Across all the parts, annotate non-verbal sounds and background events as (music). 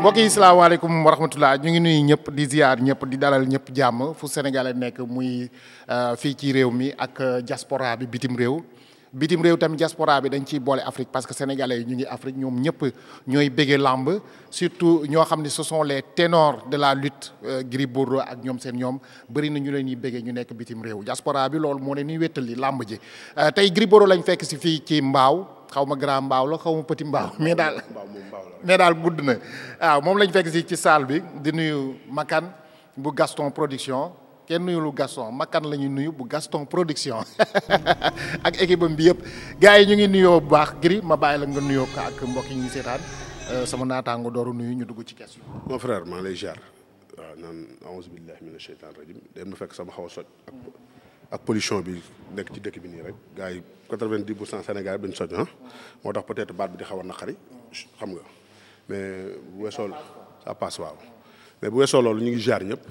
mbokk yi salaamaaleykum wa rahmatulah ñu ngi nuyu ñëpp di ziar ñëpp di dalal ñëpp jàmm fu sénégalais nekk muy euh, fii ci réew mi ak jaspora euh, bi bitim réew. bitim réew tamit diaspora bi dañ ciy boole Afrique parce que sénégalais yi ñu ngi Afrique ñoom ñëpp ñooy béggee làmb surtout ñoo xam ne ce sont les ténors de la lutte euh, Gris Bordeaux ak ñoom seen ñoom bëri na ñu leen ñuy béggee ñu nekk bitim réew jaspora bi loolu moo leen ñuy wéttali làmb ji tey Gris Bordeaux lañ fekk si fii ci Mbaaw. xaw ma grand mbaaw la xaw ma petit mbaaw mais daal mais daal gudd na waaw moom lañ fekk si ci saal bi di nuyu Makan bu Gaston production kenn nuyu lu Gaston Makan la ñuy nuyu bu Gaston production (laughs) ak équipe bi yëpp gars yi ñu ngi nuyoo bu baax giri ma bàyyi la nga nuyoo ko ak mbokk yi ñu seetaan euh, sama naataango dooru nuyu ñu dugg ci kes mon frère maa lay jaar waaw naan aouzu billahi mina shaytaan rajim dem na fekk sama xaw a soj. ak pollution bi nekk ci dëkk bi nii rek gars yi quatre-vingt-dix pour cent Sénégal bi ñu soj moo tax peut-être baat bi di xaw a naqari xam nga mais bu weesoo ça passe loolu ñu ngi jaar ñëpp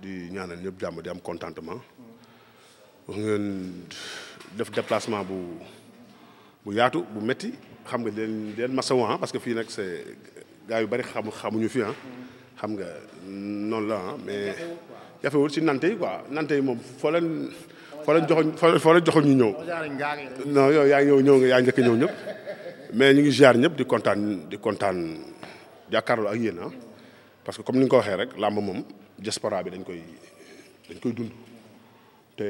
di ñaanal ñëpp jàmm di am contentement wax ngeen def déplacement bu bu yaatu bu metti xam nga leen leen masawu ah parce que fii nag c'est gars yu bari xamu xamuñu fi ah xam nga noonu la ah mais jafewul si nante yi quoi nante yi moom foo leen foo leen joxoon foo leen ñu ñëw non yow yaa ñëw ñëw nga yaa njëkk ñëw ñëpp mais ñu ngi ziar ñëpp di kontaan di kontaan jàkkaarloo ak yéen ah parce que comme ni nga ko waxee rek làmb moom diaspora bi dañ koy dañ koy dund te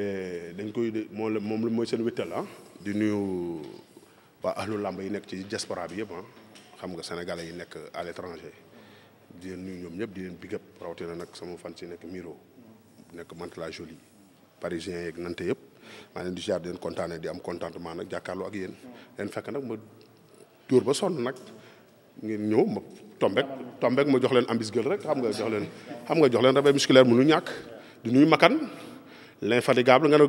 dañ koy moom la mooy seen wéttal ah di nuyu waa ahlu làmb yi nekk ci diaspora bi yëpp ah xam nga sénégalais yi nekk à l'étranger di leen nuyu ñoom ñëpp di leen big up rawatina nag sama fan si nekk Miro nekk Mantes la parisien yeeg nante yëpp maa leen di ziar di leen kontaanee di am contentement nag jàkkaarloo ak yéen leen fekk nag ma dóor ba sonn nag ngeen ñëw ma tombek tombek ma jox leen ambis gël rek xam nga jox leen xam nga jox leen rabais musculaire mënu ñàkk di nuyu makan l'infatigable nga ne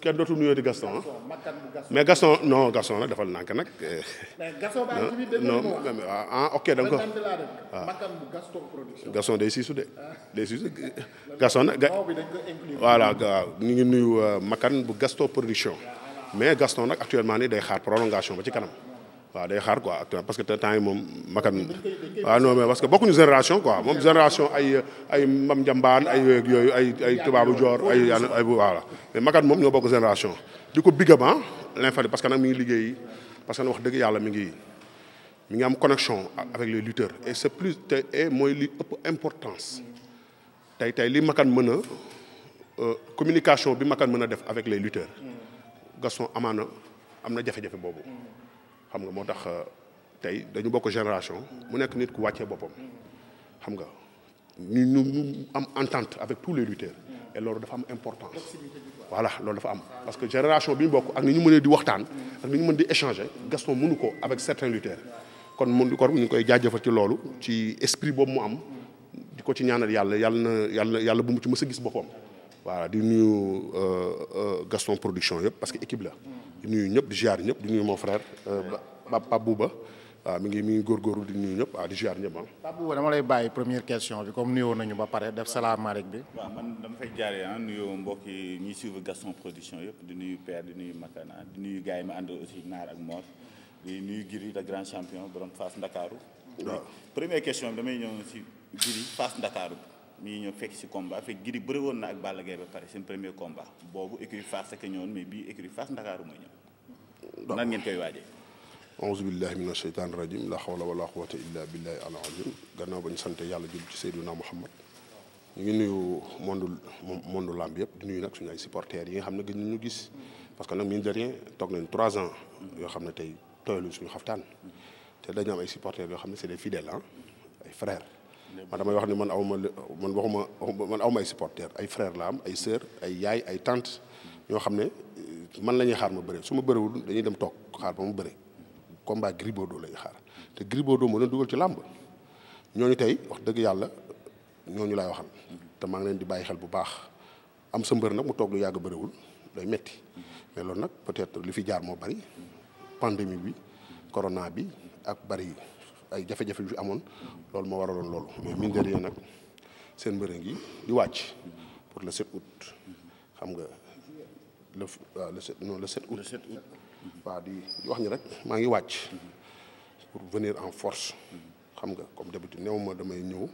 kenn dootul nuyoo di Gaston ah. mais Gaston non Gaston nag defal nànk nag. non ah, ah ok da ko waaw Gaston day siisu de ah. day siisu Gaston nag voilà waaw ñu ngi nuyu euh, makkan bu Gaston production mais Gaston nag actuellement ni day xaar prolongation ba ci kanam. waa day xaar quoi actuellement parce que temps yi moom makan waaw mais parce que bokkuñu génération quoi moom génération Mam Njambaan ay yooyu ay ay tubaabu joor ay yàlla ay voilà mais makan moom ñoo bokk génération di ko bigama ah, l'infali parce que nag mi ngi liggéey parce que nag wax dëgg yàlla mi ngi mi ngi am connexion avec les lutteurs et c'est plus te et mooy li ëpp importance tey tey li makan mën a euh, communication bi makan mën a def avec les lutteurs Gaston amaana am na jafe-jafe boobu xam nga moo tax euh, tey dañu bokk génération mu nekk nit ku wàccee boppam xam nga ñu ñu am entente avec tous les lutteurs et loolu dafa am importance voilà loolu dafa am parce que génération bi ñu bokk ak ni ñu mënee di waxtaan ak ni ñu mën di échanger Gaston mënu ko avec certains lutteurs kon mun ko ñu koy jaajëfal ci loolu ci esprit boobu mu am di ko ci ñaanal yàlla yàlla na yàlla yàlla bu mu ci mës a gis boppam waa di nuyu euh, euh, Gaston production yëpp parce que équipe la di nuyu ñëpp di ziar ñëpp di nuyu mon frère euh, Pape Bouba waaw mi ngi mi ngi góorgóorlu di nuyu ñëpp ah di ziar ñëpp ah. Pape Bouba dama lay bàyyi première question bi comme nuyoo nañu ba pare def salaamaaleykum bi. waaw man dama fay jaaree ah nuyoo mbokk yi ñuy suivre Gaston production yëpp di nuyu Père di nuyu Makana di nuyu gars yi ma ànd aussi Naar ak Mor di nuyu Giri le grand champion borom Fass Ndakaaru. waaw première question bi damay ñëw si Giri Fass mi ngi ñëw fekk si combat fekk Gris bëri woon na ak Balla Gaye ba pare seen premier combat boobu écurie Fass ak ñëwoon mais bii écurie Fass Ndakaaru mooy ñëw. nan ngeen koy waajee. auzu billahi mina shaytaani rajim la xawla wala quwwata illa billahi al azim gannaaw ba ñu sant yàlla yëpp nuyu nag suñu ay yi nga xam ne gën ñu gis parce que nag mine de rien toog nañ trois ans yoo xam ne tey tooyaluñ suñu xaftaan te dañu am ay supporters yoo xam ne c'est des fidèles ah ay frères. man damay wax ne man awma man waxuma man awma ay supporter ay frère la am ay sœur ay yaay ay tante ñoo xam ne man la ñuy xaar ma bëre suma ma dañuy dem toog xaar ba mu bari combat Gris Bordeaux la xaar te Gris Bordeaux moo leen dugal ci làmb ñooñu tey wax dëgg yàlla ñooñu laay waxal te maa ngi leen di bàyyi xel bu baax am sa mbër nag mu toog lu yàgg bëriwul day metti mais loolu nag peut-être li fi jaar moo bari pandémie bi corona bi ak bari yi ay jafe-jafe yu amoon loolu moo waraloon loolu mais mine de rien nag seen mbërë ngi di wàcc pour le 7 août xam nga le waaw le 7 non le 7 août waaw di di wax ni rek maa ngi wàcc pour venir en force xam nga comme d'habitude néew ma damay ñëw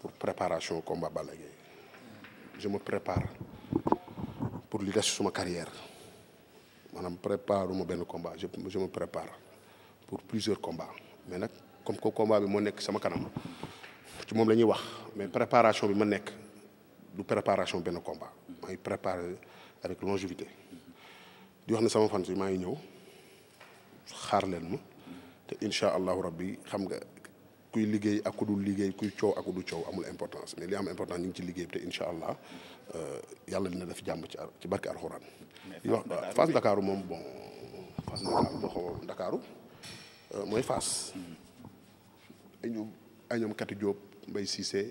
pour préparation combat Balla Gaye je me prépare pour li des suma carrière maanaam ma benn combat je je me prépare pour plusieurs combats mais nag comme que combat bi moo nekk sama kanam ci moom la ñuy wax mais préparation bi ma nekk du préparation benn combat maa ngi préparé avec longévité di wax ne sama fan si maa ngi ñëw xaar leen ma te incha allahu rabbi xam nga kuy liggéey ak ku dul liggéey kuy coow ak ku dul coow amul importance mais li am importance ñu ngi ci liggéey bi te incha allah euh, yàlla dina def jàmm ci ci barke alxuraan. di wax Ndakaaru moom bon Fass Ndakaaru euh, mooy Fass. Mm-hmm. ay ñoom ay ñoom Kati Diop Mbaye Cissé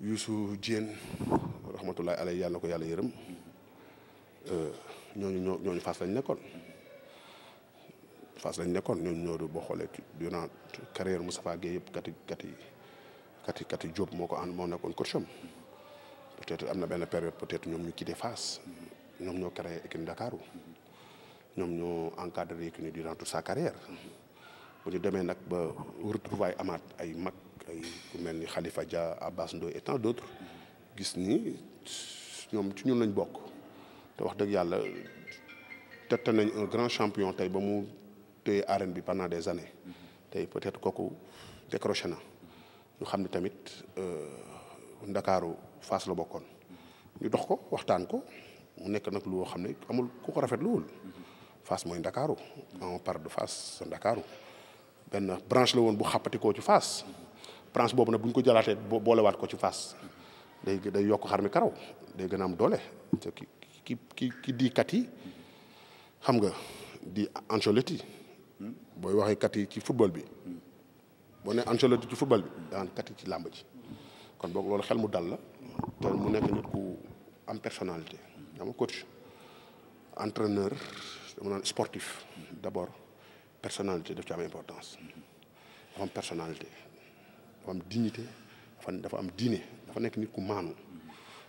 Youssou Dieng rahmatullahi alayhi yàlla na ko yàlla yërëm euh, ñooñu ñoo ñooñu Fass lañ nekkoon Fass lañ nekkoon ñooñu ñoo boo xoolee durant carrière Moustapha Guèye yëpp Kati Kati Kati Kati Diop moo ko ànd moo nekkoon peut-être am na benn période peut-être ñoom ñu quitté Fass ñoom ñoo créé équipe Ndakaaru ñoom ñoo encadré équipe durant toute sa carrière bu ñu demee nag ba retrouvaille amaat ay mag ay mel ni xalifa Dia Abbas Ndoye et tant gis ni ñoom ci ñu lañ bokk te wax dëgg yàlla tette nañ un grand champion tey ba mu téye arène bi pendant des années tey peut-être kooku décroché na ñu xam ne tamit euh, ndakaaru Fass la bokkoon ñu dox ko waxtaan ko mu nekk nag lu woo xam ne amul ku ko rafetluwul Fass mooy ndakaaru on parle de Fass sa ndakaaru benn branche la woon bu xàppati koo ci faas branche boobu nag bu ñu ko jalaatee jëlaatee boolewaat ko ci faas day day yokk xar mi karaw day gën a am doole te ki ki ki di kat xam nga di Ancelotti booy waxee kat yi ci football bi boo ne ci football bi daan kat ci làmb ji kon boog loolu xel mu dal la te mu nekk nit ku am personnalité dama coach entraîneur dama naan sportif d'abord personalité daf ci am importance dafa am personnalité dafa am dignité dafa am diine dafa nekk nit ku maanu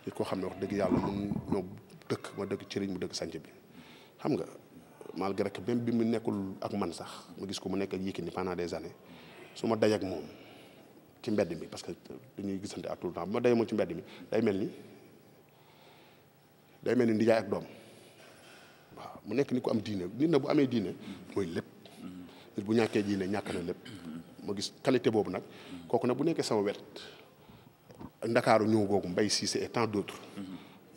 nit koo xam ne wax dëgg yàlla mun ñoo dëkk ma dëkk cëriñ mu dëkk sanc bi xam nga malgré que même bi mu nekkul ak man sax ma gis ko mu nekk ak Yékini pendant des années su ma day ak moom ci mbedd mi parce que dañuy gisante à tout le temps bu ma day moom ci mbedd mi day mel ni day mel ni ndijaay ak doom waaw mu nekk ni ko am diine nit na bu amee diine mooy lépp nit bu ñàkkee jii diine ñàkk na lépp ma gis qualité boobu nag kooku nag bu nekkee sama wet ndakaaru ñëw googu Mbaye Cissé et tant d'autres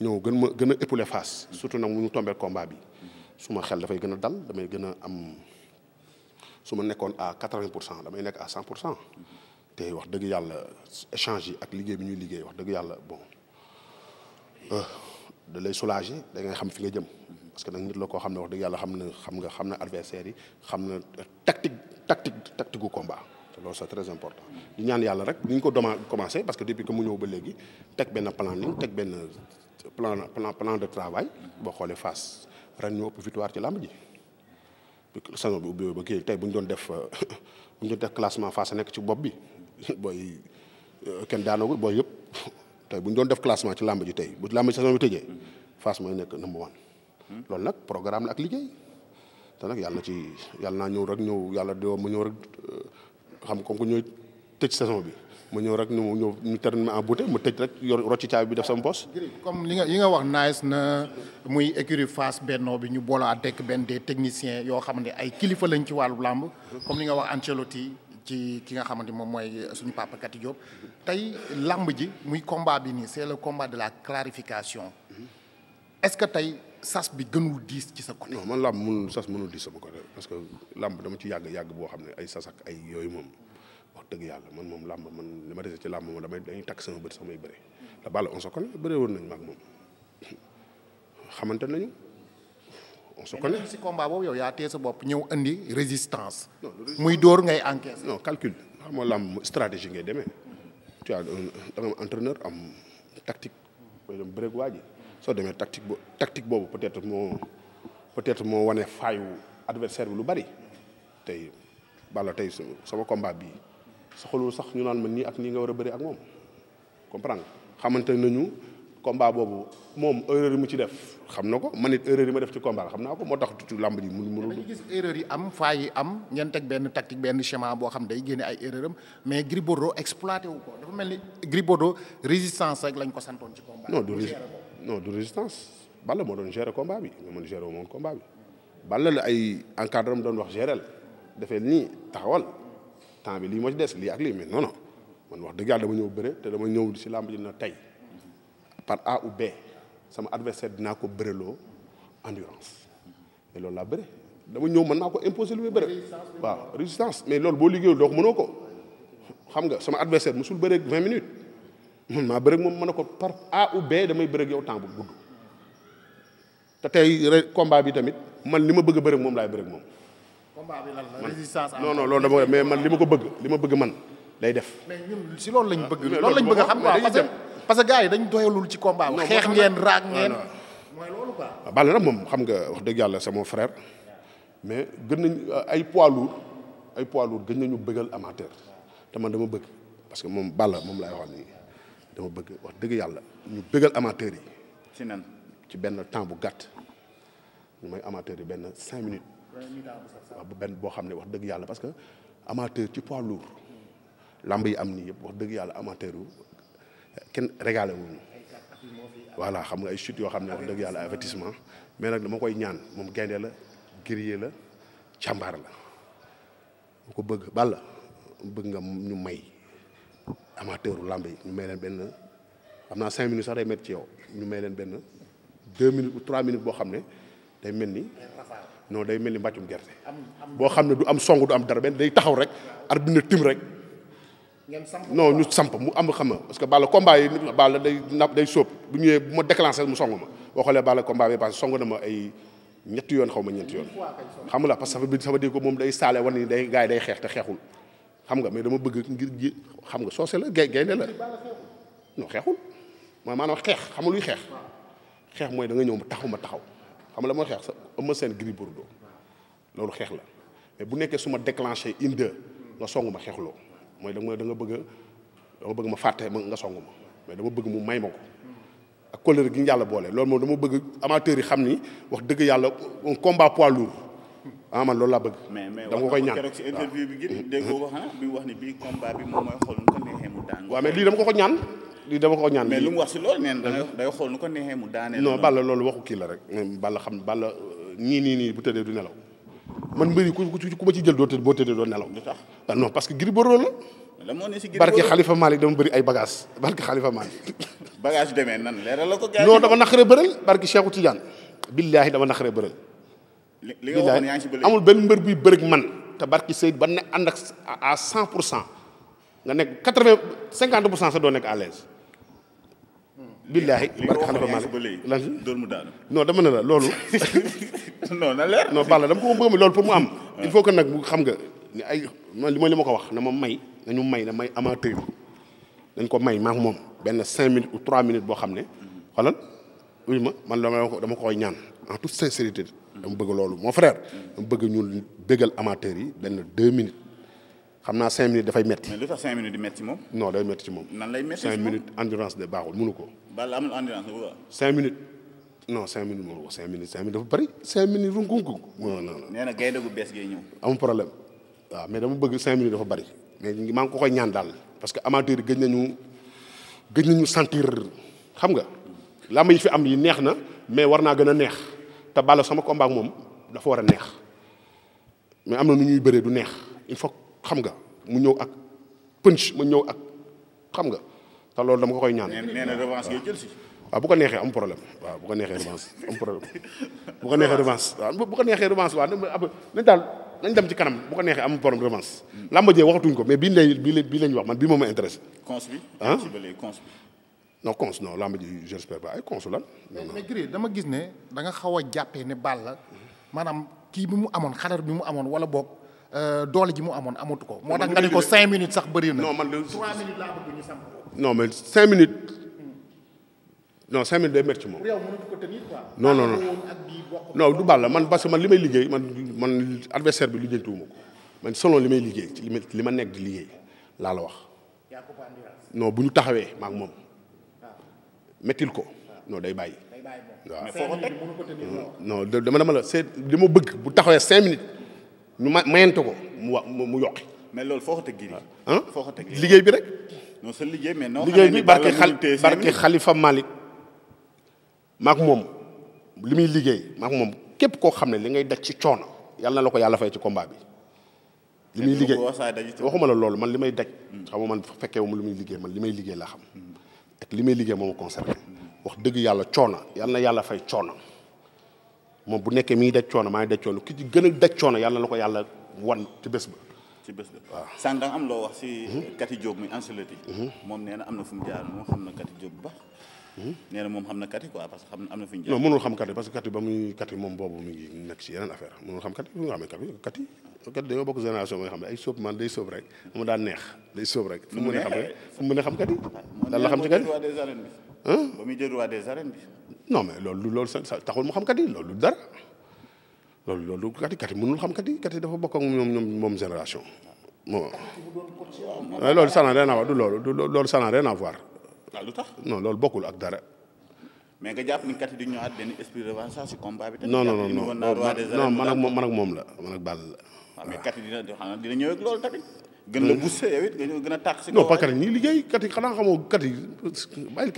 ñëw gën ma gën a épaulé face surtout nag mu ñu tombeel combat bi suma xel dafay gën a dal damay gën a am su ma nekkoon à quatre-vingt pour cent damay nekk à cent pour cent te wax dëgg yàlla échange yi ak liggéey bi ñuy liggéey wax dëgg yàlla bon euh, da lay soulager da ngay xam fi nga jëm parce que nag nit la koo xam ne wax dëgg yàlla xam na xam nga xam na adversaire yi xam na tactique tactique tactique gu combat te loolu c'est très important di ñaan yàlla rek ni ñu ko doma commencé parce que depuis que mu ñëw ba léegi teg benn plan ni teg benn plan plan plan de travail boo xoolee fas ren ñoo ëpp victoire ci làmb ji saison bi ubbi ba kii tey bu ñu doon def (laughs) bu ñu doon def classement Fass nekk ci bopp bi (laughs) booy euh, kenn daanoogul booy yëpp tey bu ñu doon def classement ci làmb ji tey bu làmb ji saison mooy nekk number one loolu nag programme la ak liggéey te nag yàlla ci yàlla naa ñëw rek ñëw yàlla doo ma ñëw rek euh, xam comme que ñooy tëj saison bi ma ñëw rek ñu ñëw ñu terminé en beauté ma tëj rek yor rocci caabi bi def sama poche. comme li nga yi nga wax nice na muy écurie Fass Benno bi ñu boolaa dekk benn des techniciens yoo xam ne ay kilifa lañ ci wàllu làmb comme li nga wax Ancelotti ci ki nga xamante moom mooy suñu papa Kati Diop tey làmb ji muy combat bi nii c'est le combat de la clarification est-ce que tey. sas bi gënul diis ci sa côté. non man làmb mënul sas mënul diis sama côté parce que làmb dama ci yàgg yàgg boo xam ne ay sas ak ay yooyu moom wax dëgg yàlla man moom làmb man li ma dese ci làmb moom damay dañuy takk sama bët samay bëre. la bala on se connaît bëree woon xamante nañu. on se connaît si yow yaa tee sa bopp ñëw andi résistance. muy dóor ngay encaisser. non calcul xam nga làmb stratégie ngay demee. tu as da nga am entraîneur tactique. mooy dem bëreeg soo demee tactique bo tactique boobu peut moo peut-être moo wane faayu adversaire bi lu bari tey Balla tey su sama combat bii soxalul sax ñu naan ma nii ak nii nga war a bëri ak moom comprendre xamante nañu combat boobu moom erreur yi mu ci def xam na ko man it erreur yi ma def ci combat xam naa ko moo tax ci làmb ji mu mënul dañu gis erreur yi am faa yi am ngeen teg benn tactique benn schéma boo xam day génne ay erreur am mais Gris Bordeaux exploité wu ko dafa mel ni Gris Bordeaux résistance rek lañ ko santoon ci combat non du non du résistance bala moo doon gérer combat bi mais man gérer wu moom combat bi Balla la ay mu doon wax gérer dafay nii taxawal temps bi lii moo ci des lii ak lii mais non man wax dëgg yàlla dama ñëw bëre te dama ñëw si làmb ji na tey par A ou B sama adversaire dinaa ko bëreloo endurance mais loolu laa bëre dama ñëw mën naa ko imposer lu muy bëre waaw résistance mais loolu boo liggéeyul donc mënoo ko xam nga sama adversaire musul bëre vingt minutes man maa bërëg moom mën a ko par A ou damay bërëg yow temps bu gudd te tey combat bi tamit man li ma bëgg a bërëg moom laay bërëg moom. combat bi lan la résistance. non loolu dama koy mais man li ma ko bëgg li ma bëgg man day def. si loolu lañ bëgg. loolu lañ bëgg a xam quoi parce que yi dañ doyalul ci combat bi. xeex ngeen raag ngeen. mooy loolu quoi. Ah, Balla moom xam wax dëgg yàlla sama frère mais gën nañ ay poids ay poids lourd gën nañu bëggal amateur te man dama bëgg parce que moom Balla moom laay wax nii dama bëgg wax dëgg yàlla ñu bëggal amateurs yi. ci ci benn temps bu gàtt ñu may amateurs yi benn cinq minutes. waaw bu benn boo xam ne wax dëgg yàlla parce que amateur ci poids lourd. lamb yi am nii yëpp wax dëgg yàlla amateur yu kenn régalé wuñu voilà xam nga ay chute yoo xam ne wax dëgg yàlla avertissement mais nag dama koy ñaan moom gaynde la guerrier la càmbaar la mu ko bëgg balla bëgg nga ñu may amateur lamb yi ñu may leen benn am naa cinq minutes sax day métti ci yow ñu may leen benn deux minutes ou trois minutes boo xam ne day mel ni non day mel ni mbàccum gerte boo xam ne du am song du am dara benn day taxaw rek arbitre tim rek non ñu samp mu am xam nga parce que Balla combat yi Balla day napp day sóob bu ñëwee bu ma déclenché mu song ma boo xoolee Balla combat bi parce que song na ma ay ñetti yoon xaw ma ñeenti yoon xam nga la parce que ça veut dire que moom day saale wan ni day gars yi day xeex te xeexul xam nga mais dama bëgg ngir ji xam nga soose la gay gaynde la non xeexul mooy maanaam xeex xam luy xeex xeex mooy da nga ñëw taxaw ma taxaw xam la mooy xeex sa ëmma seen Gris Bordeaux loolu xeex la bu nekkee su ma déclenché une deux song ma xeexloo mooy da nga da nga bëgg da bëgg ma fàtte nga song ma mais dama bëgg mu may ma ko ak colère gi ñu yàlla boole loolu moom dama bëgg amateur yi xam ni wax dëgg yàlla un combat poids lourd ah man loolu laa bëgg. da nga koy ñaan mais mais wax nga ko keroog si mm-hmm. lii dama ko ko ñaan lii dama ko ñaan. wax si loolu nee na day xool nu ko neexee mu daanee. waxu kii la rek. Balla xam nii nii nii bu tëddee du nelaw man mbëri ku ku ma ci jël doo tëdd boo tëddee doo nelaw. lu tax ah, non parce que Gris Bordeaux la. lan moo ne si Gris Bordeaux barke Khalifa Malick dama bëri ay bagages barke Khalifa Malick. bagage demee nan leeral la ko. gars yi non dama naqaree bëral barke Cheikhou Tidiane billaahi dama naqaree bëral li nga waxoon yaa ngi amul benn mbër buy bëri man te barki Seydou ba ne ànd ak à cent pour cent nga nekk quatre vingt cinquante pour cent sa doo nekk à l'aise billaahi barke xalifa Malick lan dóor mu daanu non dama ne la loolu (laughs) non na leer non Balla ko bëgg loolu pour mu am il nag bu xam nga ni ay li ma li ma ko wax na ma may nañu may na may amateur dañ ko may maa moom benn cinq minutes ou trois minutes boo xam ne xoolal uy ma man dama dama koy ñaan en toute sincérité dama bëgg loolu mon frère dama bëgg ñun bëggal amateurs yi benn deux minutes xam naa cinq minutes dafay metti mais lu tax cinq minutes di metti moom non day metti lay metti cinq minutes endurance de baaxul ko bala amul endurance cinq minutes non cinq minutes moo ko cinq minutes cinq minutes dafa bëri cinq minutes runkunku non non nee na gaynde gu bees gee ñëw amul problème waaw mais dama bëgg cinq minutes dafa bëri mais maa ngi ko koy ñaan daal parce que amateurs yi gëj nañu gëj nañu sentir xam nga làmb yi fi am yi neex na mais war naa gën a neex te Balla sama combat ak moom dafa war a neex mais am na nu ñuy bëree du neex il faut xam nga mu ñëw ak punch mu ñëw ak xam nga te loolu dama koy ñaan. nee na revanche ngay jël si. waaw bu ko neexee am problème waaw bu ko neexee revanche am problème (laughs) bu ko neexee revanche waaw bu ko neexee revanche waaw nañ daal nañ dem ci kanam bu neexee am problème revanche. Hmm. làmb jee waxatuñ ko mais bii lay bii lañ wax man bii moom ma intéressé. cons bi. ah cons non cons non làmb ji j'espère pas ay cons lan. non mais Gris dama gis ne da xaw a jàppee ne Balla maanaam kii bi mu amoon xadar bi mu amoon wala boog euh, doole ji mu amoon amatu ko. moo tax nga ne ko cinq minutes sax bëri na. man de trois minutes laa bëgg ñu sam. non mais cinq minutes. non cinq minutes day man parce que li may liggéey man man adversaire bi lijjantiwuma ko man selon li may liggéey ci li ma nekk di liggéey laa wax. non bu ñu taxawee maak moom. mettil ko non day bàyyi. waaw foo ko teg mm-hmm. non dama dama la c'est li ma bëgg bu taxawee cinq minutes ñu ma mayante ko mu wax mu yokki. mais loolu foo ko teg Gris. ah foo ko teg liggéey bi rek. non sa liggéey mais noo liggéey bi barke xal barke Xalifa Malick maak moom li muy liggéey maak moom képp koo xam ne li ngay daj ci coono yàlla na la ko yàlla fay ci combat bi. li muy liggéey waxuma la loolu man li may daj. Mm. xam nga man fekkee wu ma li muy liggéey man li may liggéey laa xam. Mm. li may liggéey moom concerné wax dëgg yàlla coono yal na yàlla fay coono moom bu nekkee mi ngi daj coono maa ngi daj coono ki ci gën a daj coono yàlla na ko yàlla wan ci bés ba. ci bés ba waaw sànq nga am loo wax si. Mhm. Kati Diop muy Ancelotti. Mhm. moom nee am na fu mu jaar moo xam na Kati Diop bu baax. nee na moom xam na kati quoi parce xam na fu ñu non mënul xam kati parce que kati ba muy kati moom boobu nekk si yeneen affaire mënul xam kati nga ne neex a xam rek fu xam kati lan la xam ci kati ba mais loolu loolu sa taxul mu xam kati loolu dara loolu loolu kati kati mënul xam kati kati dafa bokk ak ñoom ñoom loolu ça n'a rien à voir du loolu loolu ça n'a rien waaw lu tax non loolu bokkul ak dara. mais nga jàpp ni kat yi di ñëwaat benn esprit de revanche ci combat bi. non non man ak moom man ak moom la man ak Balla la. Ah, waaw mais kat dina xanaa loolu tamit. gën la euh, bousee a tàq si. non pas kat yi ñuy liggéey kat yi xanaa xamoo kat yi bàyyil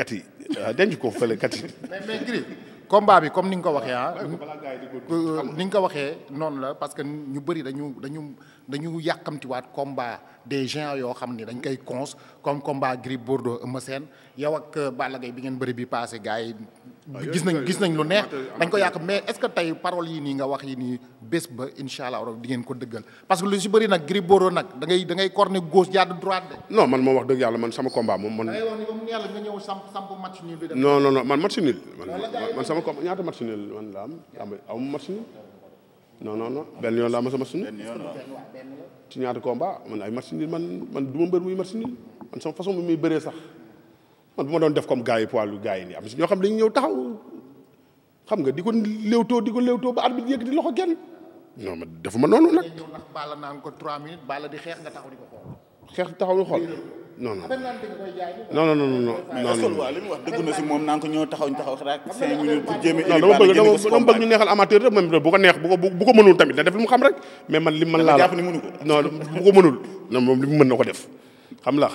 euh, denc ko fële kat yi. (laughs) mais bi comme ni nga ko waxee ah. Euh, ni nga ko waxee noonu la parce que ñu bëri dañu dañu. dañu yàkkamtiwaat combat des gens yoo xam ni dañ koy cons comme combat Gris Bordeaux Eumeu Sène yow ak euh, Balla Gaye bi ngeen bëri bi passé gars yi ah, gis nañ gis nañ lu neex dañ ko yàq mais est-ce tey paroles yi nii nga wax yi nii bés ba incha allah di ngeen ko dëggal parce que lu si bëri nag Gris Bordeaux nag da ngay da ngay corner gauche jàdd droite de non man moom wax dëgg yàlla man sama combat moom man non non non man match nul man sama combat ñaata match nul man la am am aw non non non benn yoon laa ma sama suñu. benn yoon ci ñaata combat man ay match nul man man du ma mbër muy match nul man sama façon bi muy bëree sax man bu ma doon def comme gars yi poids lu gars yi nii am si ñoo xam dañuy ñëw taxaw xam nga di ko lewtoo di ko lewtoo ba bi arbitre yëg di loxo kenn. non man ma noonu nag. ndax Balla naan ko 3 minutes Balla di xeex nga taxaw di ko xool. xeex taxaw di xool. non non non non non non. mais est wax dëgg na si moom naa ko taxaw a. non dama bëgg dama bëgg ñu neexal ko neex bu ko bu ko mënul tamit na def li mu xam rek. mais man li man moom li mu mën def xam la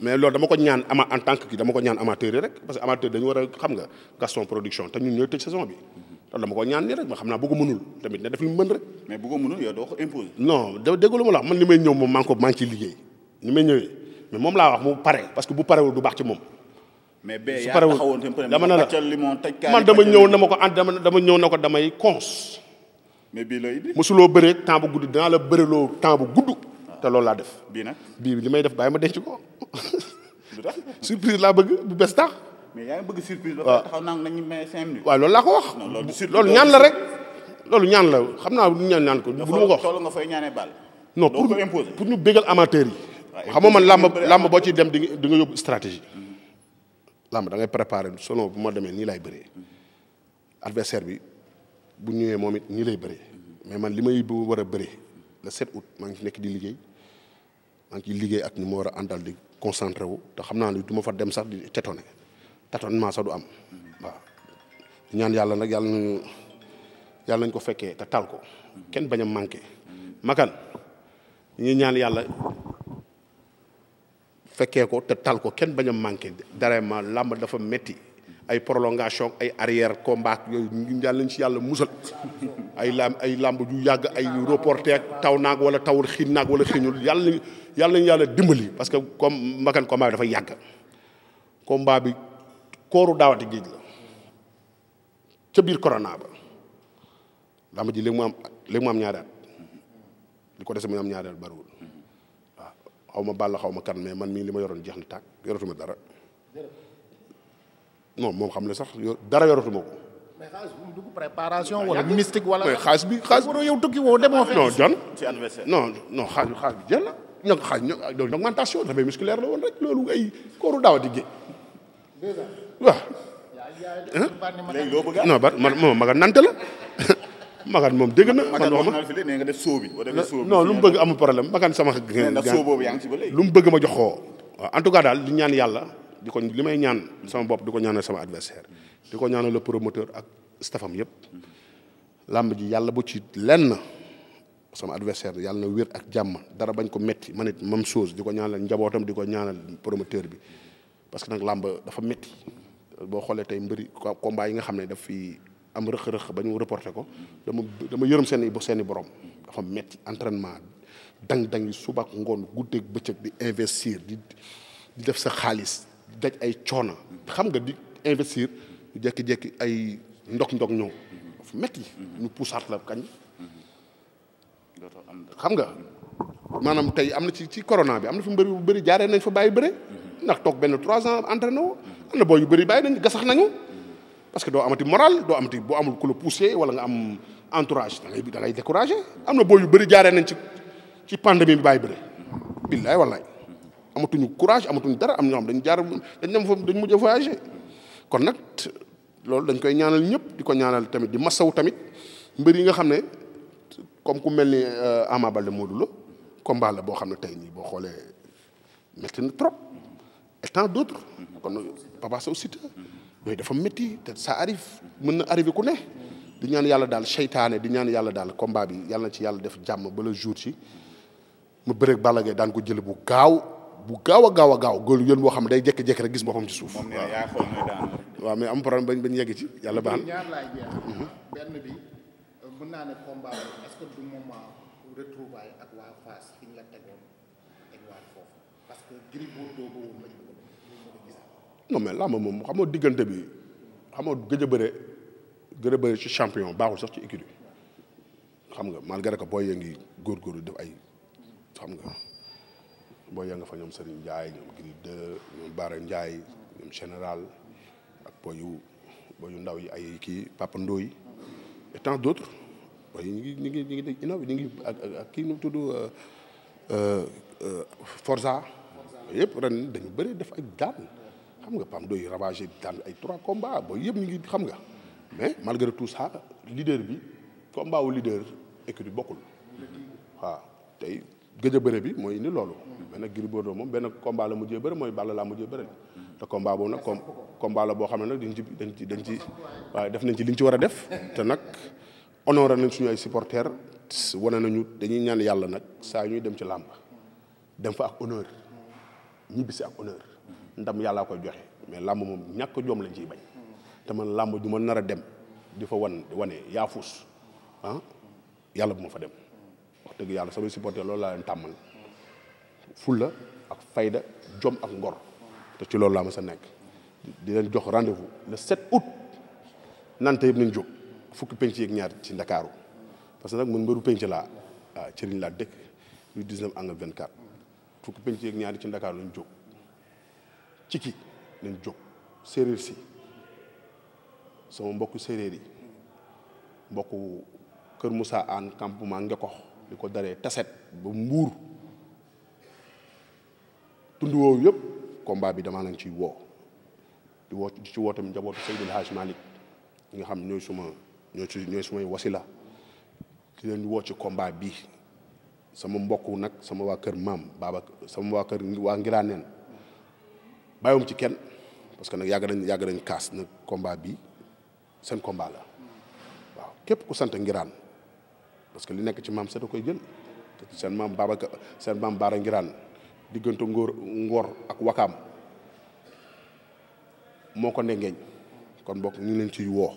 mais loolu ko ñaan ama en tant dama ko ñaan amateur yi rek que amateur dañu war a xam nga Gaston production te ñun ñooy tëj saison bi. loolu dama ko ñaan nii rek ma xam naa bu mënul tamit na def li mu mën rek. mais bu ko mënul yow doo ko non dégg lu ma la man li may ñëw moom maa ngi ko maa ngi ciy liggéey ni may ñëwee mais moom laa wax mu pare parce que bu parewul du baax ci moom. mais bee yaa taxawoon dama ne la man dama ñëw na ko dama ñëw na ko damay cons. mais bii lay mosuloo bëree temps bu gudd dinaa la loo temps bu gudd. Ah. te loolu laa def. bii nag bii li may def bàyyi ma denc ko. (laughs) surprise laa bëgg bu bees tax. mais yaa ngi bëgg surprise. waaw ah. taxaw naa nañu may cinq minutes. waaw loolu laa ko wax. loolu ñaan la rek. loolu ñaan la xam naa ñaan ñaan ko. bu ma ko wax loolu nga fay ñaanee baal. non pour pour ñu bégal amateur yi. xam nga man làmb làmb boo ci dem di nga di nga yóbbu stratégie làmb da ngay préparer selon bu ma demee nii lay bëree adversaire bi bu ñëwee moom it nii lay bëree mais man li may bu war a bëree le 7 août maa ngi ci nekk di liggéey maa ngi ciy liggéey ak ñu ma war a àndal di concentré wu te xam naa ni du ma fa dem sax tetone tétonné tétonnement sax du am waaw ñaan yàlla nag yàlla nañu nañ ko fekkee te tal ko kenn bañ a manqué makan ñu ñaan yàlla fekkee ko te tal ko kenn bañ a manqué dara ma làmb dafa metti ay prolongation ay arrière combat yooyu ñu yàlla nañ ci yàlla musal ay làmb ay làmb yu yàgg ay reporter taw naag wala tawul xiin naag wala xiinul yàlla nañ yàlla nañ yàlla dimbali parce que comme mbakan combat bi dafa yàgg combat bi kooru daawati géej la ca biir corona ba làmb ji léegi mu am ko dese mu am ñaari at bariwul xaw ma bàll xaw ma kan man mii li ma yoroon jeex na tàkk yoratuma dara non moom xam ne sax dara yoratuma ko. mais xaalis bu mu xaalis bi xaalis bi yow tukki woo demoo. non John ci adversaire non non xaalis bi xaalis na. ñoo xaaj ñoo loolu woon rek loolu ay kooru daaw a diggee. waaw. léegi loo bëgg nante la. (laughs) makan moom dégg na man wax ma non lu mu bëgg amul problème makan sama lu mu bëgg ma jox ko waaw en daal di ñaan yàlla di ko li may ñaan sama bopp di ko ñaanal sama adversaire di ko ñaanal le promoteur ak staffam yëpp làmb ji yàlla bu ci lenn sama adversaire yàlla na wér ak jàmm dara bañ ko metti man it même chose di ko ñaanal njabootam di ko ñaanal promoteur bi parce que nag làmb dafa metti boo xoolee tey mbëri combat yi nga xam ne daf fii am rëq-rëq ba ñu reporté ko dama dama yërëm seen i seen i borom dafa metti entraînement dang-dang yi suba ak ngoon guddeeg bëccëg di investir di di def sa xaalis daj ay coono xam nga di investir jekki ay ndok-ndok ñëw dafa metti ñu pusaat la kañ xam nga maanaam tey am na ci ci corona bi am na fi mbëri bu bëri jaaree nañ fa bàyyi bëre ndax toog benn trois ans entraîné woo am na boo yu bëri bàyyi nañ gasax nañu parce que doo amati moral doo amati boo amul ku la poussé wala nga am entourage da ngay da ngay découragé am na boo yu bëri jaaree nañ ci ci pandémie bi bàyyi bëri billaay wallaay amatuñu courage amatuñu dara am ñoo xam dañu jaar dañ dem foofu dañ mujj voyagé kon nag loolu dañ koy ñaanal ñëpp di ko ñaanal tamit di masaw tamit mbër yi nga xam ne comme ku mel ni euh, Ama Baldé Modou Lo combat la boo xam ne tey nii boo xoolee métti na trop et tant kon Papa Sow mais dafa métti te ça arrive mën na arrivé ku ne di ñaan yàlla daal seytaane di ñaan yàlla daal combat bi yàlla ci yàlla def jàmm bala le jour ci mu bëreeg Balla Gaye daan ko jël bu gaaw bu gaaw a gaaw a gaaw góorlu yoon boo xam ne day jékki-jékki rek gis boppam ci suuf. waaw waaw am problème bañ bañ yegg ci yàlla baax na. Mhm. bi mën naa ne combat que du moment retrouvaille ak non mais làmb moom xam nga diggante bi xam nga gëj a bëre gën a bëre ci champion baaxul sax ci écurie xam nga malgré que booy yëngi góorgóorlu def ay xam nga booy yënga fa ñoom Serigne Ndiaye ñoom Gris 2 ñoom Bara Ndiaye ñoom général ak booy yu yu ndaw yi ay kii Papa yi et tant d'autres booy ñu ngi ñu ngi ñu ngi innové ñu ngi ak ak kii nu tudd euh, euh, euh, forsa yëpp ren dañu bëri def ay daan xam nga PAM doy ravagé daan ay trois combats booy yëpp ñu ngi xam nga mais malgré tout ça leader bi combat wu leader équipe bi bokkul waaw tey gëj a bi mooy ni loolu. mais nag Gris Bordeaux moom benn combat la mujjee mooy Balla laa mujjee bëre te combat boobu nag comme combat boo xam ne nag dañ ci dañ ci dañ ci waaye def nañ ci liñ ci war a def te nag honoré nañ suñu ay supporters wone nañu dañuy ñaan yàlla nag saa ñuy dem ci làmp dem fa ak honneur ndam yàllaa koy joxe mais làmb moom ñàkk jom lañ ciy bañ te man làmb ju ma nar a dem di fa wan wane yaa fuus ah, yàlla bu ma fa dem wax dëgg yàlla samay supporter loolu laa leen tàmmal fulla ak fayda jom ak ngor te ci loolu laa ma sa nekk di leen jox rendez-vous le 7 août nante yëpp nañ jóg fukki penc yeeg ñaar ci ndakaaru parce que nag man mbëru penc laa ah cëriñ dëkk lu 19 angle 24 fukki penc yeeg ñaar ci ndakaaru lañ jóg ci ki nañ jóg séeréer si sama mbokku séeréer yi mbokku Kër Moussa Anne campement Ngekox li ko daree taset ba mbuur tund woowu yëpp combat bi damaa lañ ciy woo di woo ci woo tamit njabootu Seydil Hadj nga xam ñooy suma ñooy su ñooy sumay wasila di leen woo ci komba bi sama mbokk nag sama waa kër maam baaba sama waa kër waa ngiraa neen bàyyiwum ci kenn parce que nag yàgg nañ yàgg nañ kaas nag kombaa bi seen combat la waaw képp ku sant ngiraan parce que li nekk ci maam sa da koy jël seen maam Babacar seen maam Baara ngiraan diggante ngóor ngor ak wakaam moo ko ndengeeñ kon bokk ñu leen ciy woo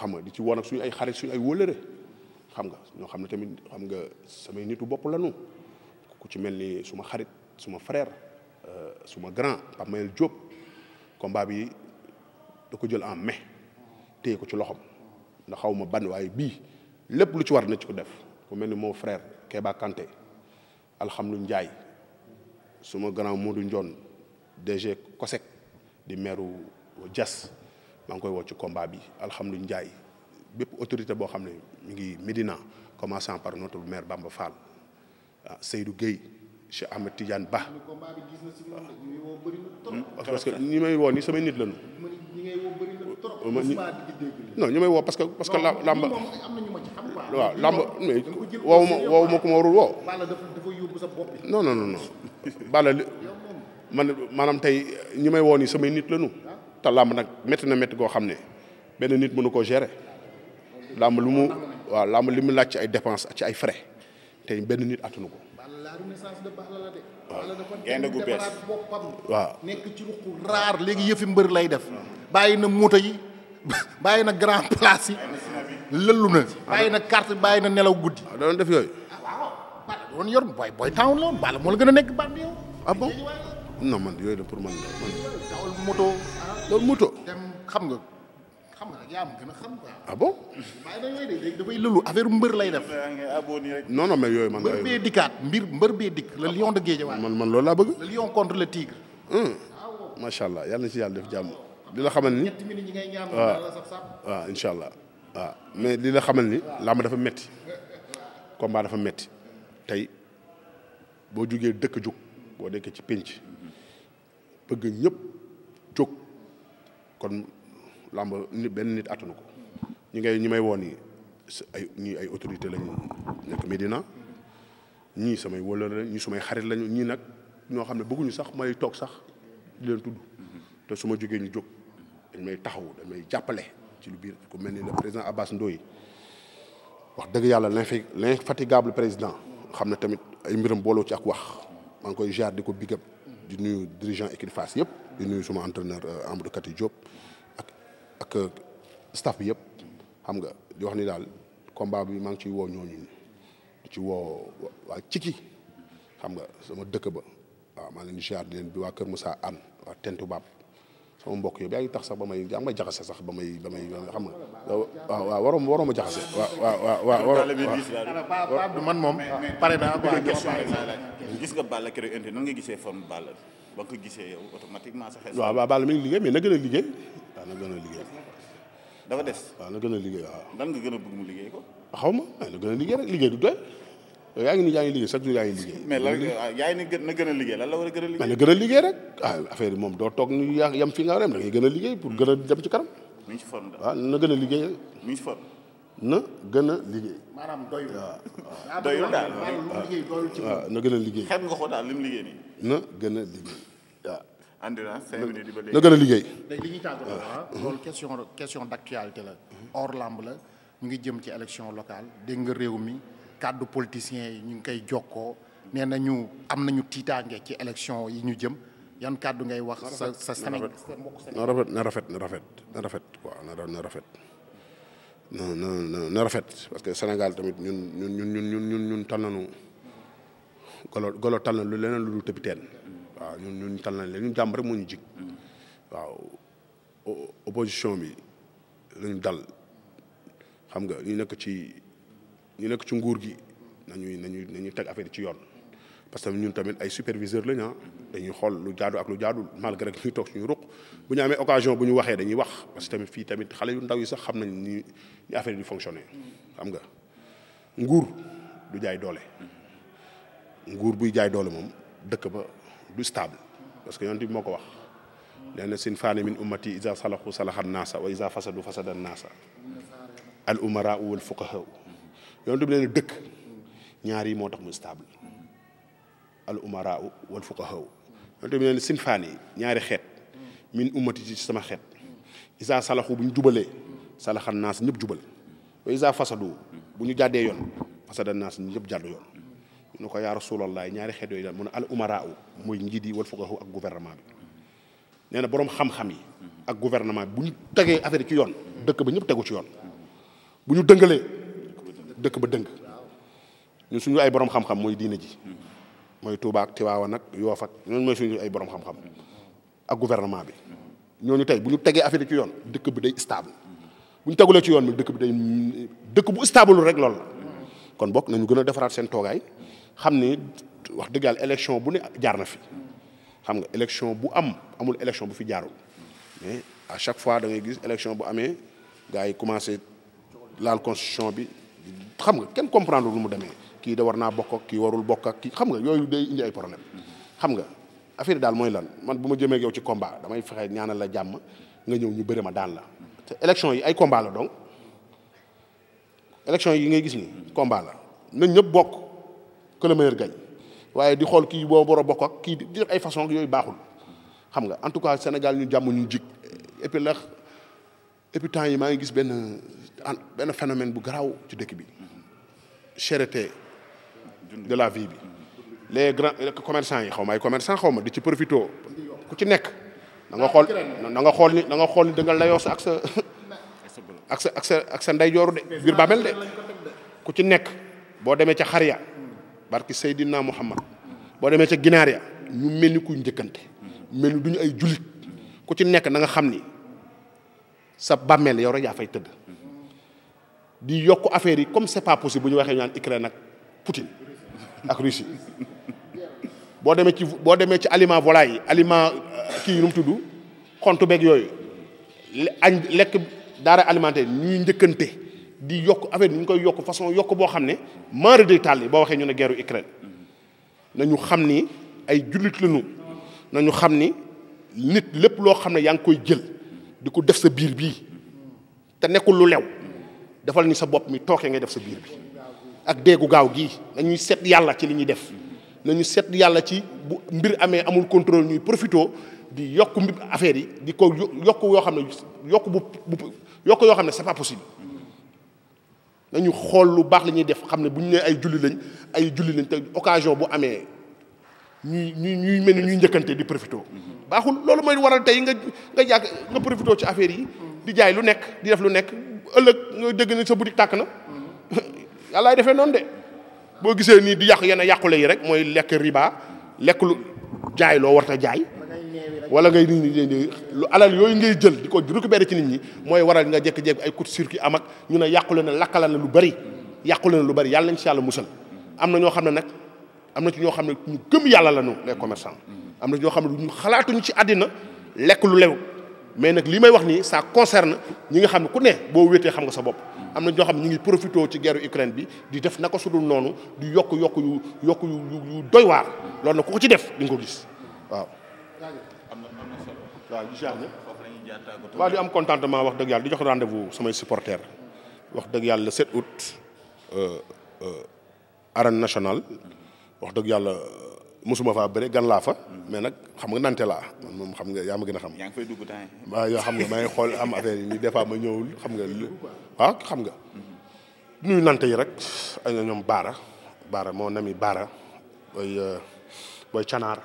xam nga di ci woo nag suñu ay xarit suñu ay wóolëre xam nga ñoo xam ne tamit xam nga samay nitu bopp lanu ku ci mel ni suma xarit suma frère Euh, suma grand Pape Mayel Diop combat bi da ko jël en mai téye ko ci loxom ndaxaw ma ban waaye bii lépp lu ci war na ci ko def ku mel ni mon frère Kéba Kanté alxamdu Njaay suma grand Modou Ndion DG COSEC di meeru Diass maa ngi koy woo ci combat bi alxamdu Njaay bépp autorité boo xam ne mi ngi Médina commençant par notre maire Bamba Fall ah Seydou Guèye Cheikh Ahmed Tidiane Ba. Hmm, parce ñi may woo nii samay nit lañu. non ñu may woo parce que parce que la làmb waaw man maanaam tey ñi may woon nii samay nit lañu. Ah. te làmb nag métti na métti goo xam ne benn nit mënu koo gérer. làmb lu mu waa làmb lu mu laaj ci ay dépenses ci ay frais tey benn nit attanu ko. la renaissance de Balla la de. Balla dafa defaraat boppam waaw nekk ci ruq raar léegi yëfi mbër lay def. bàyyi na moto yi (laughs) bàyyi na grand place yi. lëllu na. bàyyi na carte bàyyi na nelaw guddi. waaw doon def yooyu. waaw Balla doon yor booy booy la woon Balla moo la gën a nekk bànn yow. ah bon non man yooyu la pour man man. dawal moto. loolu moto. dem xam nga. a xam quoi. ah bon. waaye nag yooyu de dafay lëlu affaire mbër lay def. non non yooyu man. mbër bee dikkaat mbir mbër bee dikk le lion de man man loolu laa bëgg. le lion ah allah yàlla na yàlla def jàmm. li la xamal ni ñetti minutes allah waaw mais li la xamal ni. làmb dafa metti combat dafa metti tey boo jugee dëkk jug boo nekkee ci pénc bëgg ñëpp jóg kon. làmb ni benn nit attanu ko ñi ngay ñi may woon ni ay ñii ay autorité lañu nekk Medina ñii samay wëlal la ñii sumay xarit lañu ñii nag ñoo xam ne bëgguñu sax may toog sax di leen tudd mhm. te su ma jógee ñu jóg dañ may taxaw damay jàppale ci lu biir ku mel ni le président Abbas yi wax dëgg yàlla l'infi fatigable président xam ne tamit ay mbiram booloo ci ak wax maa ngi koy jaar di ko bigab di nuyu dirigeant équipe Fass yëpp di nuyu suma entraîneur euh, Amadou Kati Diop ak euh, staff bi yëpp xam nga di wax ni daal combat bi maa ngi ciy woo ñooñu ci woo waa Ciki xam nga sama dëkk ba waaw maa ngi leen di ziar di bi waa Kër Moussa Anne waa Tentu Baab sama mbokk yooyu yaa ngi tax sax ba may yaa ngi may jaxase sax ba may ba may xam nga waaw waaw waroon waroon ma jaxase. waaw waaw waaw waaw man moom. pare naa quoi gis nga Balla keroog indi nan nga gisee forme Balla. ba ko gisee yow automatiquement sa xel. waaw waaw Balla mi ngi liggéey mais na gën a liggéey waaw na gën a liggéey. dafa des na a liggéey waaw. gën a bëgg liggéey ko. xaw ma a liggéey rek liggéey du doy. yaa ngi ni yaa ngi liggéey chaque jour yaa ngi liggéey. mais lan a la war a gën a liggéey. mais na gën a liggéey rek ah affaire moom doo toog ni yam fi nga war a yem da gën a liggéey pour gën a dem ci kanam. mu na gën a liggéey mu ngi na gën a liggéey. na doyul waaw na gën a liggéey. xeeb nga ko daal liggéey na gën a liggéey waaw. endurance cinq na gën a liggéey. léegi li ñuy ah, loolu question question d'actualité la. hors lamb la ñu ngi jëm ci élection locale dégg nga réew mi kàddu politiciens yi ñu ngi koy jokkoo na ñu am nañu tiitaange ci élection yi ñu jëm. yan kàddu ngay wax sa sa. na rafet na rafet na rafet na rafet quoi na rafet. na na rafet parce que Sénégal tamit ñun ñun ñun ñun ñun ñun tal nañu golo golo tal na lu leneen lu dul tëbiteen waaw ñun ñun tal nañ leen ñun jàmm rek moo ñu jig waaw opposition bi lañu dal xam nga ñu nekk ci ñu nekk ci nguur gi nañuy nañuy nañuy teg affaire ci yoon. parce que ñun tamit ay superviseur lañ ah dañuy xool lu jaadu ak lu jaadul malgré que ñuy toog suñu ruq bu ñu amee occasion bu ñu waxee dañuy wax parce que tamit fii tamit xale yu ndaw yi sax xam nañu ni affaire yi di fonctionner xam nga nguur du jaay doole nguur buy jaay doole moom dëkk ba du stable parce que yonent bi moo ko wax nee na sin faane min ummati isa salaxu salaxan naasa wa isa fasadu fasadan naasa al umara wal fuqaha yonent bi nee na dëkk ñaar yi moo tax mu stable al umaraa wal fuqahaa yonent bi nee na sinfaan yi ñaari xeet min ummati ci sama xeet isaa salaxu bu ñu jubalee salaxan naas ñëpp jubal wa isaa bu ñu jàddee yoon fasada naas ñëpp jàddu yoon ñu ne ko yaa rasulallah ñaari xeet yooyu daal mu ne al umaraa mooy njiit yi wal fuqahaa ak gouvernement bi nee boroom xam-xam yi ak gouvernement bi bu ñu tegee affaire ci yoon dëkk ba ñëpp tegu ci yoon bu ñu dëngalee dëkk ba dëng ñun suñu ay boroom xam mooy diine ji mooy Touba ak Tiwaawan ak Yoof ak ñooñu mooy suñu ay borom xam-xam ak gouvernement bi ñoo ñu tey bu ñu tegee affaire ci yoon dëkk bi day stable bu ñu tegulee ci yoon bi dëkk bi day dëkk bu stable rek lool la kon bokk nañu gën a defaraat seen toogaay xam ni wax dëgg yàlla élection bu ne jaar na fi xam nga élection bu am amul élection bu fi jaarul mais à chaque fois da ngay gis élection bu amee gars yi commencé laal constitution bi xam nga kenn comprendre lu mu demee. kii da war naa bokk kii warul bokk ak kii xam nga yooyu day indi ay problème xam nga affaire daal mooy lan man bu ma jëmee ak yow ci combat damay fexe ñaana la jàmm nga ñëw ñu bëri ma daal la te élection yi ay combat la donc élection yi ngay gis ni combat la nañ ñëpp bokk que le waaye di xool kii boo war a bokk ak kii di def ay façon yooyu baaxul xam nga en tout cas Sénégal ñu jàmm ñu jig et puis la temps yi maa ngi gis benn benn phénomène bu garaaw ci dëkk bi cherté de la vie bi les grands commercant yi xaw ma ay commerçant xaw ma di ci profité ku ci nekk da nga xool da nga xool ni da nga xool ni da nga layoo sa ak sa ak sa ak sa ndeyjooru de biir bàmmeel de ku ci nekk boo demee ca xar ya barki Seydina Muhammad boo demee ca ginaar ya ñu mel ni kuy njëkkante mel ni du ñu ay jullit ku ci nekk na nga xam ni sa bàmmeel yow rek yaa fay tëdd di yokk affaire yi comme c'est pas possible bu ñu waxee ñaan naan ak Poutine ak Russie boo demee ci boo demee ci aliment yi aliment euh, kii nu mu tudd xontu beeg yooyu añ lekk daara alimentaire ñuy njëkkante di yokk affaire ni ñu koy yokk façon yokk boo xam ne mare de tàlli boo waxee ñu ne guerre Ukraine nañu xam ni ay jullit lañu nañu xam ni nit lépp loo xam ne yaa ngi koy jël di ko def sa biir bii te nekkul lu lew defal ni sa bopp mi tooke ngay def sa biir bi ak déegu gaaw gii nañuy seet yàlla ci li ñuy def nañu seet yàlla ci bu mbir amee amul contrôle ñuy profito di yokk mbir affaire yi di ko yokk yoo xam ne yokk bu yokk yoo xam ne c'est pas possible nañu xool lu baax li ñuy def xam ne bu ñu nee ay julli lañ ay julli lañ te occasion bu amee ñuy ñuy ñuy mel ni ñuy njëkkante di profité. baaxul loolu mooy waral tey nga nga jàkk nga profité ci affaire yi. di jaay lu nekk di def lu nekk ëllëg nga dëgg ne sa boutique tàkk na. yàllaay defee noonu de boo gisee nii di yàq yenn yàqule yi rek mooy lekk riba lekk lu jaay loo warta jaay wala ngay nit ñi lu alal yooyu ngay jël di ko récupérer ci nit ñi mooy waral nga jékki-jékki ay court-circuit am ak ñu ne yàqule na lakkala na lu bari yàqule na lu bari yàlla nañ ci yàlla musal am na ñoo xam ne nag am na ci ñoo xam ne ñu gëm yàlla la ñu les commerçants am na ñoo xam ne ñu xalaatuñu ci àddina lekk lu lew mais nag li may wax nii sa concerne ñi nga xam ne ku ne boo wéetee xam nga sa bopp am na ñoo xam ne ñu ngi profité ci guerre Ukraine bi di def na naka sudul noonu di yokk yokk yu yokk yu doy waar loolu na ku ko ci def di nga ko gis waaw. di jaar ñëpp waaw di am contentement wax dëgg yàlla di jox rendez-vous samay supporters wax dëgg yàlla le 7 août. Euh, euh, arène wax dëgg yàlla. musuma faa bëre gan laa fa. mais nag xam nga nante laa moom xam nga yaa ma gën a xam. yaa ngi fay dugg temps yi. waaw xam nga may xool am affaire yi nii des fois xam nga lu waaw ah, xam nga. nuyu rek ay na Baara Baara moo nami Baara euh, canaar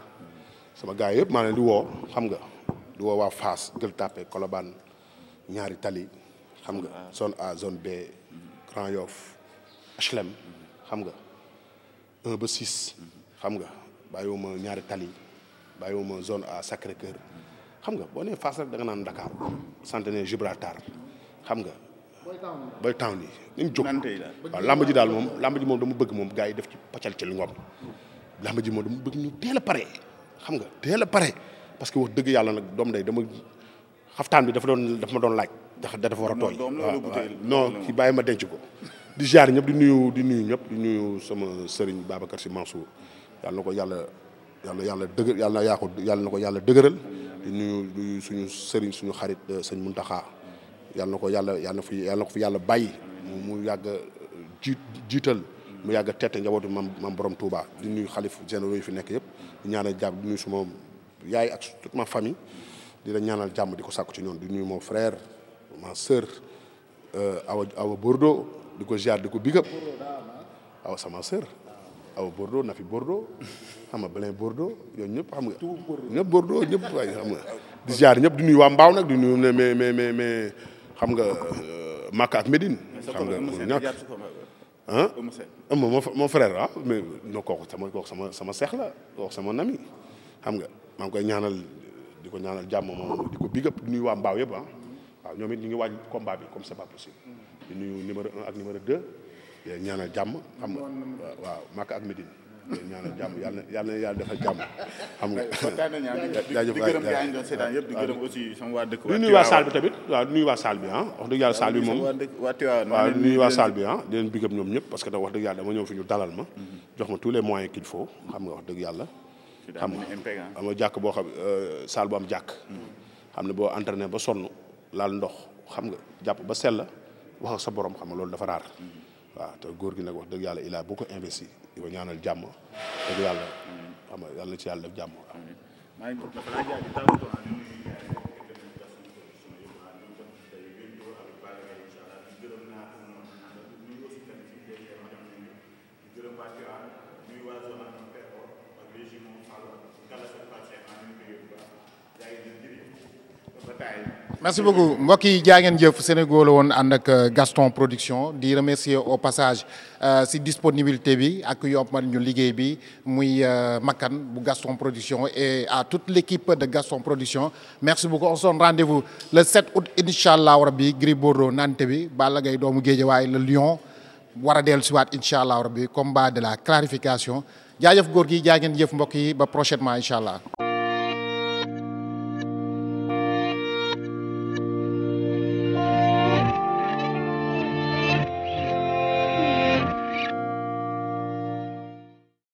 sama gars yëpp maa di woo xam nga di woo waa Fass Gueule Tapée Colobane ñaari tali xam nga zone A zone B Grand Yoff HLM xam nga 1 xam nga. bàyyiwuma ñaari tali ma zone A Sacré Cœur xam nga boo nee Fass rek da nga naan Dakar Centenaire Gibraltar xam nga. boy town yi nañ jóg waaw làmb ji daal moom làmb ji moom dama bëgg moom gars yi def ci paccal ci li ngoom làmb ji moom dama bëgg ñu teel a pare xam nga teel a pare parce que wax dëgg yàlla nag doom day dama xaftaan bi dafa doon dafa doon laaj dafa dafa war a tooy no ki bàyyi ma denc ko di jaar ñëpp di nuyu di nuyu ñëpp di sama sëriñ Babacar Sy Mansour yàlla na ko yàlla yàlla yàlla dëgër yàlla na yàlla na ko yàlla dëgëral di nuyu suñu sëriñ suñu xarit euh, sëñ Muntaxa yàlla na ko yàlla yàlla na fi yàlla na ko fi yàlla bàyyi mu yàgg jiital mu yàgg tete tette njabootu mam mam borom Touba di nuyu xalif généraux yi fi nekk yëpp di ñaanal jàmm di suma yaay ak toute ma famille jàmm di ko sàkku ci ñoom di nuyu moo frère ma sœur euh, awa Bordeaux di ko ziar di ko big up awa sama sœur aw Bordeaux na fi Bordeaux (laughs) xam nga Belen Bordeaux yooyu ñëpp xam nga. tout Bordeaux ñëpp Bordeaux ñëpp waaye xam nga. di ziar waa Mbaaw nag di nuyu ne mais mais mais xam nga euh, Makka ak Medine. xam nga mu ñàkk ah mon mon frère ah, sama sama sama seex la xam nga maa ngi koy ñaanal di ko ñaanal jàmm moom di ko big up di nuyu waa Mbaaw yëpp ah waaw ñoom it ñu ngi waaj combat bi comme c'est pas possible mm. di nuyu numéro numéro deux yéen ñaanal jàmm xam nga waaw Makka ak Medine yéen ñaanal jàmm yàlla na yàlla na yàlla defal jàmm xam nga ah, jaajëf di gërëm yaa ngi doon seetaan yëpp di gërëm aussi sama waa dëkk di nuyu waa salle bi tamit waaw nuyu waa salle bi ah wax dëgg yàlla salle bi moom waaw nuyu waa salle bi ah leen bigëm ñoom ñëpp parce que da wax dëgg yàlla ma mhm. jox ma tous les moyens qu'il faut xam nga wax dëgg yàlla ah. xam nga ama jàkk boo xam euh, salle bu am jàkk mhm. xam ne boo entraîné ba sonn laal ndox xam nga jàpp ba sell wax ak sa borom xam nga loolu dafa raar mhm. waaw te góor gi nag wax dëgg yàlla ilaa boo ko investi di ko ñaanal jàmm dëgg yàlla xam nga yàlla ci yàlla def jàmm. merci beaucoup mbokk yi jaa ngeen jëf Sénégal woon ànd ak euh, Gaston Production di remercier au passage euh, si disponibilité bi ak yombal ñu liggéey bi muy euh, makan bu Gaston Production et à toute l' équipe de Gaston Production merci beaucoup on se rendez-vous le 7 août incha allah rabbi Gris Bordeaux nante bi Balla Gaye doomu Géejawaay le Lion war a dellu si waat incha allah rabbi combat de la clarification jaajëf góor gi jaa ngeen jëf mbokk yi ba prochainement incha allah.